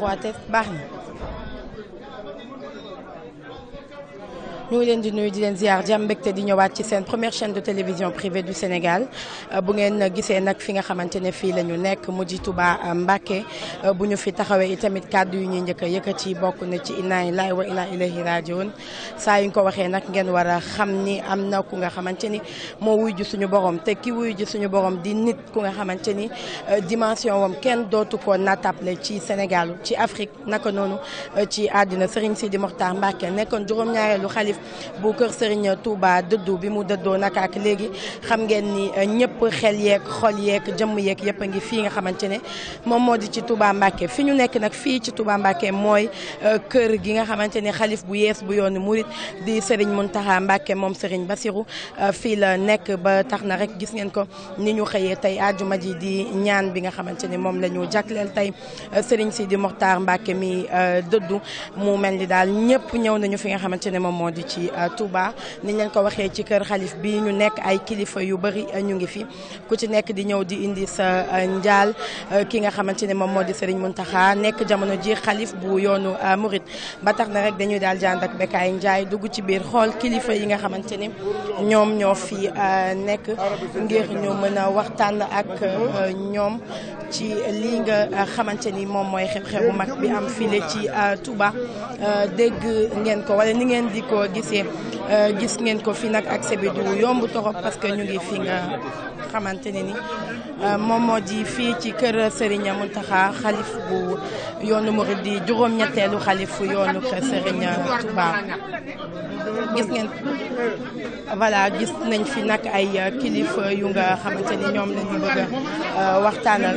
xoote baax na ñu ngi leen di nuyu di leen ziar jàmm mbégte di ñëwaat ci seen première chaîne de télévision privée du Sénégal euh, bu ngeen gisee nag fi nga xamante ne fii la nekk mu di Touba euh, Mbacké euh, bu ñu fi taxawee i tamit kàddu yu ñuy njëkk a yëkkati bokk na ci inna lillahi wa inna ilayhi rajiun saa yuñ ko waxee nag ngeen war a xam ni am na ku nga xamante ni moo wuy ji suñu borom te ki wuy ji suñu borom di nit ku nga xamante ni dimension wam kenn dootu ko natable ci Sénégal ci Afrique naka noonu ci àddina Serigne Sidi bu kër Serigne Touba dëddu bi mu dëddoo naka ak léegi xam ngeen ni euh, ñëpp xel yeeg xol yeeg jëmm yeeg yëpp a ngi fii nga xamante ne moom moo di ci Touba Mbacké fi ñu nekk nag fii ci Touba mooy euh, kër gi nga xamante ne xalif bu yees bu yoonu murit di Serigne Mountakha Mbacké moom Serigne Bassirou euh, fii la nekk ba tax na rek gis ngeen ko ni ñu xëyee tey àjjuma ji di ñaan bi nga xamante ne moom la ñu jagleel tey Serigne Sidi Mokhtar Mbacké mi dëddu mu mel ni daal ñëpp ñëw nañu fi nga xamante ne moom moo di ci euh, Touba ni leen ko waxee ci kër xalif bi ñu nekk ay kilifa yu bëri euh, ñu ngi fi ku ci nekk di ñëw di indi sa euh, njaal ki nga xamante ne moom moo di Serigne Mountakha nekk jamono ji xalif bu yoonu Mouride ba tax na rek dañuy daal jànd ak Bécaye Ndiaye dugg ci biir xool kilifa yi nga xamante ni ñoom ñoo fi nekk ngir mën a waxtaan ak ñoom ci lii nga xamante ni moom mooy xew-xew mag bi am file ci Touba dégg ngeen ko wala ni ngeen di ko gisee euh, gis ngeen ko fi nag accès bi du yomb torop parce que ñu ngi fi nga xamante ne ni euh, moom moo di fii ci kër Serigne Mountakha xalif bu yoonu murid di juróom-ñetteelu xalifu yoonu kër Serigne Touba gis ngeen voilà gis nañ fi nag ay kilifa yu nga xamante ñoom lañu bëgg a euh, waxtaanal.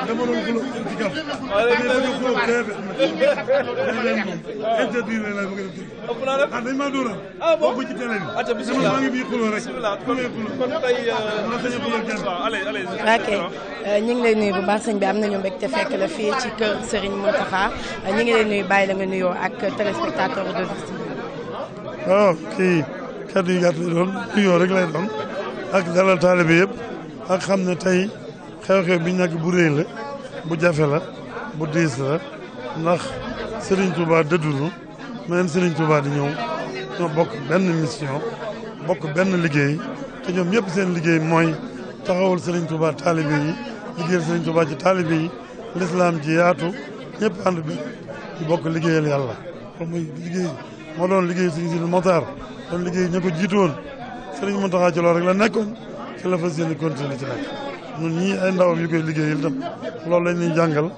demoon la ma gën a ah dañ bi. bu baax bi am nañu mbégte fekk la fii ci kër Serigne Mountakha euh, ñu ngi lay nuyu bàyyi la nga ak téléspectateur de visite. Ah, kii kaddu yu gàtt lay doon nuyoo rek lay doon ak dalal taalibe yëpp ak xam ne tey. xew-xew bi ñu nekk bu réy la bu jafe la bu diis la ndax Serigne Touba dëddunu meneen Serigne Touba di ñëw ñoo bokk benn mission bokk benn liggéey te ñoom ñëpp seen liggéey mooy taxawul Serigne Touba taalibe yi liggéeyal Serigne Touba ci taalibe yi lislaam ji yaatu ñëpp ànd bi ñu bokk liggéeyal yàlla loolu mooy liggéey moo doon liggéey Serigne Sidi Mokhtar doon liggéey ña ko jiitoon Serigne Mountakha ci loolu rek la nekkoon ci la fas yéene continuer ci ñun ñii ay ndawam yu koy liggéeyal tam loolu la ñuy jàngal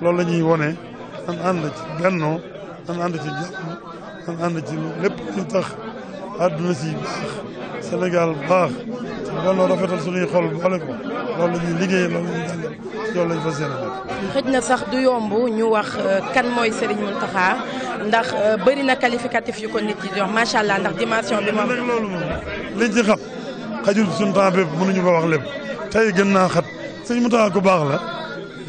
loolu la ñuy wone am ànd ci bennoo an ànd ci jàmm an ànd ci lépp lu tax àdduna si baax Sénégal baax ci bennoo rafetal suñuy xol boole ko loolu la ñuy liggéeyal loolu jàngal loolu la ñu fas yéene xëj na sax du yomb ñu wax euh, kan mooy Serigne Mountakha ndax euh, bëri na qualificatif yu ko nit yi jox macha allah ndax dimension bi moom. liñ ci xam xajul suñu temps bépp mënuñu ko wax lépp. tey gën naa xat sëñ Mountakha ku baax la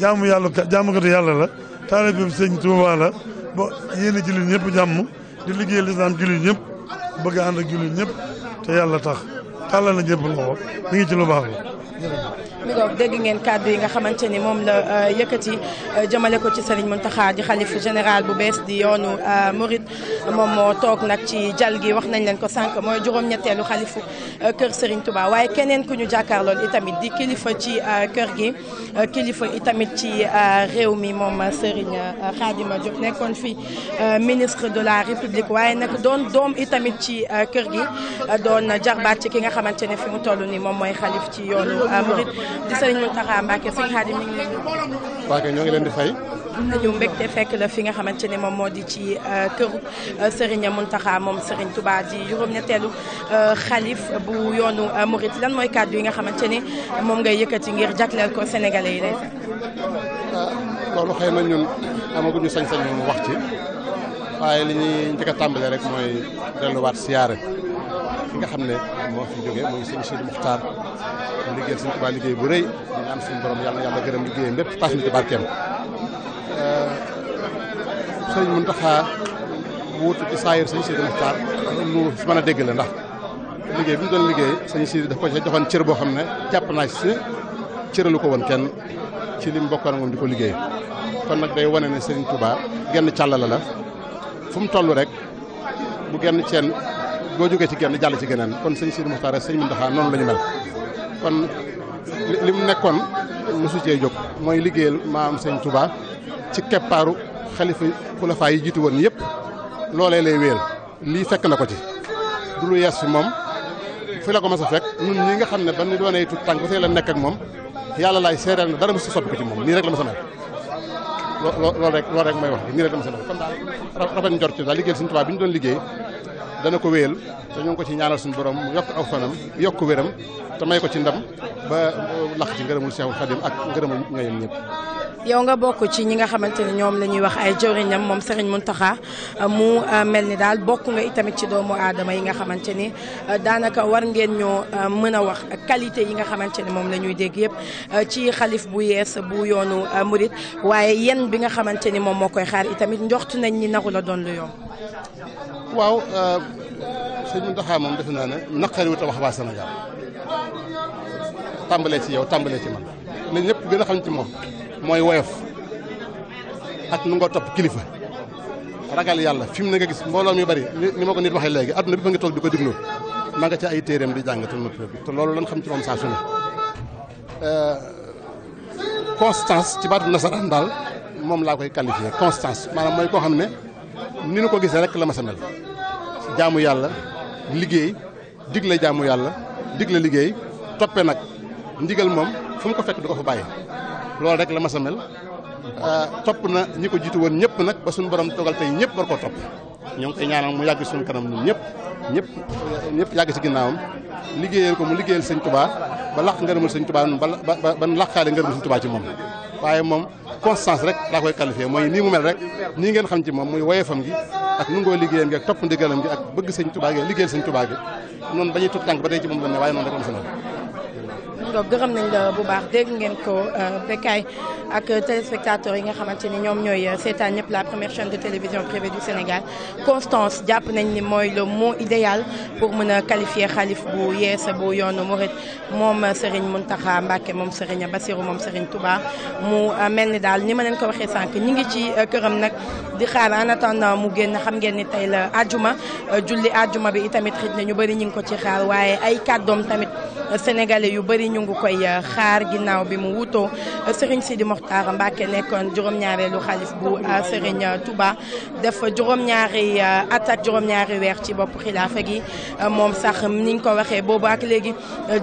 jaamu yàlla jaamukatu yàlla la taalibe bi sëñ Touba la ba yéen a jullit ñëpp jàmm di liggéeyal lislaam jullit ñëpp bëgg ànd ak jullit ñëpp te yàlla tax tàllal na ñëpp loxo mi ngi ci lu baax la mi dégg ngeen kàddu yi nga xamante ni moom la euh, yëkkati euh, jamale ko ci Serigne Mountakha di xalif général bu bees di yoonu euh, Mouride moom moo toog nag ci jal gi wax nañ leen ko sànq mooy juróom-ñetteelu xalifu kër Serigne Touba waaye keneen ku ñu jàkkaarlool itamit di kilifa ci kër gi kilifa itamit ci réew mi moom Serigne Khadima Diop nekkoon fi ministre de la République waaye nag doon doom itamit ci kër gi doon jarbaat ci ki nga xamante ne fi mu toll ni moom mooy xalif ci yoonu Mouride di sëriñ Mountakha Mbacké sëñ Khadim mi ngi lay nuyu. waaw ñoo ngi leen di fay. nañu mbégte fekk la fi nga xamante ni moom moo di ci sëriña euh, euh, Serigne Mountakha moom Serigne Touba di juróom-ñetteelu euh, xalif bu yoonu Mouride lan mooy kàddu yi nga xamante ni moom ngay yëkkati ngir jagleel ko Sénégalais yi lay. Ah, loolu xëy na ñun amaguñu sañ-sañ mu wax ci waaye li ñuy njëkk a rek mooy delluwaat siyaare. ki nga xam ne moo fi jógee muy sëñ Sidi Muxtaar mu liggéeyal sëñ Tuubaa liggéey bu rëy di ñaan suñu borom yàlla na yàlla gërëm liggéeyam lépp taas ñu ci barkeem euh, sëñ Muntaxa wuutu ci saayir sëñ Sidi Muxtaar lu fi mën a dégg la ndax liggéey bi doon liggéey sëñ Sidi daf ko ca joxoon cër boo xam ne jàpp naa si cëralu ko woon kenn ci li mu bokkoon moom di ko liggéey kon nag day wone ne sëñ Tuubaa genn càll la la fu mu toll rek bu genn ceen boo jógee ci genn jàll ci geneen kon sëñ Sidi Muxtaar sëñ Muntaxa noonu la ñu kon li mu nekkoon mosu cee jóg mooy liggéeyal maam sëñ Touba ci keppaaru xalifa xulafaa yi jiitu woon yëpp loolee lay wéyal lii fekk na ko ci du lu yees moom fi la ko mas a fekk ñun ñi nga xam ne ba ñu doonee tuut tànk tey la nekk ak moom yàlla laay seereel na dara mosu soppi ko ci moom nii rek la ma sa mel lool rek loolu rek wax nii rek la ma sa mel kon daal rafet bi ñu doon liggéey dana ko wéyal te ko ci ñaanal suñu borom mu yokk aw fanam yokk wéram te may ko ci ndam ba laq ci ngërëmul Seexul ak ngërëmul yow nga bokk ci ñi nga xamante ne ñoom la ñuy wax ay jëriñam moom Serigne Mountakha uh, mu uh, mel ni daal bokk nga itamit ci doomu aadama yi nga xamante ni uh, daanaka war ngeen ñoo mën a wax qualité yi nga xamante ne moom la ñuy dégg yëpp ci xalif bu yees bu yoonu murit waaye yenn bi nga xamante ni moom moo koy xaar tamit njoxtu nañ ñi naru la doon lu yomb. waaw euh, sëñ Mountakha moom defe naa ne naqari wu tabax waa Sénégal tàmbalee ci yow tàmbalee ci man li ñëpp gën a xam ci moom mooy woyof ak nu nga topp kilifa ragal yàlla fi mu ne nga gis mbooloo mi bari ni ma ko nit waxee léegi adduna bi fa nga toog di ko diglu ma nga ci ay téeréem di jàngatul na bi te loolu lan xam ne moom saa su euh, constance ci baatu nasaraan daal moom laa koy qualifié constance maanaam mooy koo xam ne ni nu ko gisee rek la ma sa mel jaamu yàlla liggéey digle jaamu yàlla digle liggéey toppe nag ndigal moom fu mu ko fekk du ko fa bàyyi loolu rek la ma sa ah, topp na ñi ko jiitu woon ñëpp nag ba suñu borom togal tey ñëpp war koo topp ñoo ngi koy ñaanal mu yàgg suñu kanam ñun ñëpp ñëpp ñëpp yàgg si ginnaawam liggéeyal ko mu liggéeyal sëñ Tuubaa ba laq ngërëmul sëñ Tuubaa ba ba ban laqaale ngërëmul sëñ Tuubaa ci moom waaye moom constance rek laa koy qualifié mooy nii mu mel rek nii ngeen xam ci moom muy woyefam gi ak nu ngoo liggéeyam gi ak topp ndigalam gi ak bëgg sëñ Tuubaa gi liggéeyal sëñ Tuubaa gi noonu ba ñuy tut tànk ba tey ci moom la waaye noonu rek am donc gërëm nañ la bu baax dégg ngeen ko euh, Bécaye ak téléspectateurs yi nga xamante ni ñoom ñooy euh, seetaan ñëpp la première chaîne de télévision privée du Sénégal Constance jàpp nañ ni mooy le moo idéal pour mën a qualifier xalif bu yees bu yoonu murit moom euh, Serigne Mountakha Mbacké moom Serigne Bassirou moom Serigne Touba mu mel ni daal ni ma leen ko waxee sànq ñi ngi ci këram nag di xaar en attendant mu génn xam ngeen ni tey la ajuma julli ajuma bi itamit xëj na ñu bëri ñu ngi ko ci xaar waaye ay kàddoom tamit sénégalais yu bëri ñu ngi koy euh, xaar ginnaaw bi mu wutoo euh, si di Mokhtar Mbacke nekkoon juróom-ñaareelu xalif bu euh, Serigne Touba def juróom-ñaari at ak juróom-ñaari weer ci bopp xilaafa gi moom sax niñ ko waxee boobu ak léegi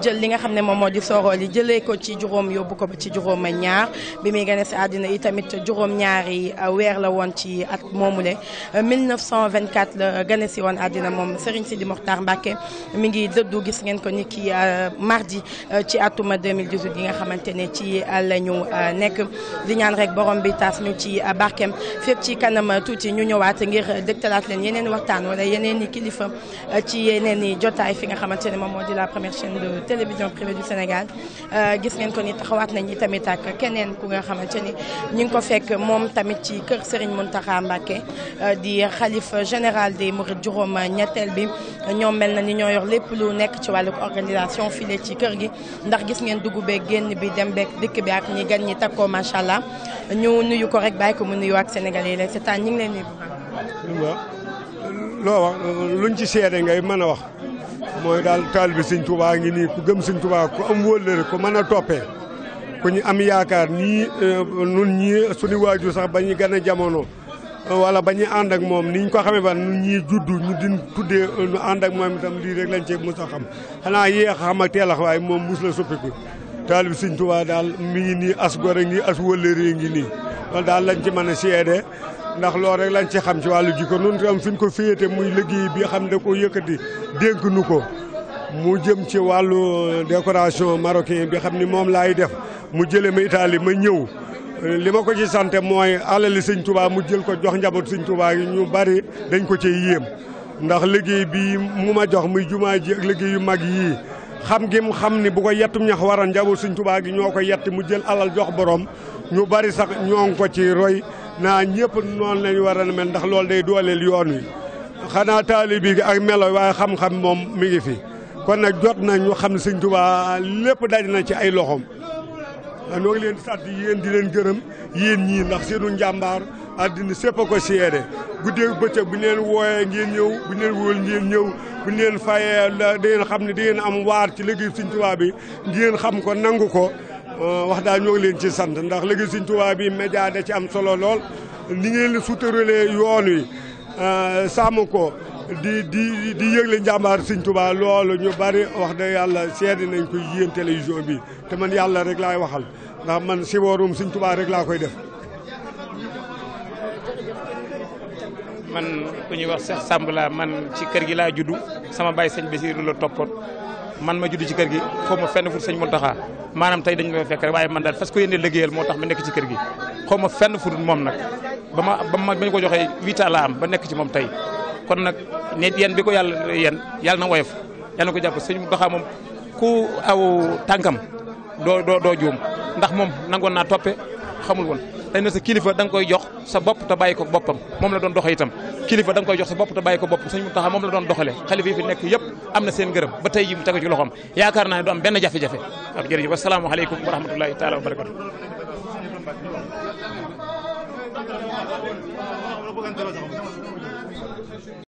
jël li nga xam ne moom moo di sooroo li jëlee ko ci juróom yóbbu ko ba ci juróom ñaar bi muy gane si àddina yi tamit juróom-ñaari weer la woon ci at moomule 1924 la gane si woon àddina moom Serigne Sidi Mokhtar Mbacke mi ngi dëddu gis ngeen ko ni mardi euh, ci atuma 2018 gi nga xamante ne ci euh, la ñu euh, nekk di ñaan rek borom bi taas ñu ci barkeem fépp ci kanam tuuti ñu ñëwaat ngir dëgtalaat leen yeneen waxtaan wala yeneen kilifa ci yeneen i jotaay fi nga xamante ne moom moo di la première chaîne de télévision privée du Sénégal gis ngeen ko ni taxawaat nañ ñi tamit ak keneen ku nga xamante ni ñu ngi ko fekk moom tamit ci kër Serigne Mountakha Mbacké di xalifa général des Mourides juróom ñetteel bi ñoom mel na ni ñoo yor lépp lu nekk ci wàllu organisation défilé ci kër gi ndax gis ngeen dugg beeg génn bi dem beeg dikk bi ak ñi gan ñi takkoo macha allah ñu nuyu ko rek bàyyi ko mu nuyu ak Sénégalais yi lay seetaan ñu ngi leen nuyu bu baax. loo wax luñ ci seede ngay mën a wax mooy daal taal bi sëñ Tuubaa ngi nii ku gëm sëñ Tuubaa ku am wóllëre ku mën a toppee ku ñu am yaakaar nii eh, nun ñii suñu waajur sax ba ñu gën a jamono. wala ba ñu ànd ak moom ni ñu ko xamee ba ñun ñii judd ñu din tuddee ñu ànd moom itam lii rek lañ ci mos a xam xanaa yéex xam ak teel waaye moom mos la soppiku taalib Sëñ Tuubaa daal mi nii as gor a ngi as wëllëree ngi nii loolu daal lañ ci mën a seede ndax loolu rek lañ ci xam ci wàllu jikko noonu tam fi ñu ko féete muy liggéey bi xam da ko yëkkati dénk ko mu jëm ci wàllu décoration marocain bi xam ni moom laay def mu jëlee ma Italie ma ñëw li ma ko ci sant mooy alali sëñ Touba mu jël ko jox njaboot sëñ yi ñu bari dañ ko ci yéem ndax liggéey bi mu ma jox muy jumaa ji ak yu mag yii xam gi xam ni bu ko yettum ñax waral njaboot sëñ Touba gi ñoo ko yetti mu jël alal jox borom ñu bari sax ñoo ngi ko ci roy naa ñëpp noonu lañu war a mel ndax loolu day dooleel yoon wi xanaa taalibi gi ak melo waaye xam-xam moom mi ngi fi kon nag jot na ñu xam ne sëñ Touba lépp daj na ci ay loxoom. ñoo ngi leen di sant yéen di leen gërëm yéen ñii ndax seenu njàmbaar àddina sépp a ko seede bu ñu leen wooyee ñëw bu ñu leen wóol ngeen ñëw bu ñu leen fayee da ngeen xam ne da ngeen am waar ci liggéey Sëñ Tuubaa bi ngeen xam ko nangu ko euh, wax daa ñoo ngi leen ci sant ndax liggéey Sëñ Tuubaa bi média da ci am solo lool ni ngeen la suturale yoon wi euh, sàmm ko di di di yëgle njàmbaar sëñ Tuubaa loolu ñu bari wax dëgg yàlla seede nañ ko yéen télévision bi te man yàlla rek laay waxal ndax man si woorum sëñ Tuubaa rek laa koy def. man ku wax Cheikh Samb laa man ci kër gi laa juddu sama baay sëñ Basiru la toppoon man ma judd ci kër gi xaw ma fenn fu sëñ Muntaxa maanaam tey dañu la fekk rek waaye man daal fas ko yéene moo tax ma nekk ci kër gi xaw ma fenn fu dul moom nag ba ma ba ma ko joxee huit ans am ba nekk ci moom tey. kon nag nit yéen bi ko yàlla yéen yàlla na woyof yàlla na ko jàpp sëñ Muntaxa moom ku aw tànkam doo doo doo juum ndax moom nangoon naa toppe xamul woon dañ na sa kilifa da nga koy jox sa bopp te bàyyi ko boppam moom la doon doxe itam kilifa da nga koy jox sa bopp te bàyyi ko bopp sëñ Muntaxa moom la doon doxalee xalifa yi fi nekk yëpp am na seen ngërëm ba tey ji mu tegu ci loxoom yaakaar naa ne du am benn jafe-jafe ak jërëjëf asalaamu aleykum wa rahmatullahi taala wa barakatu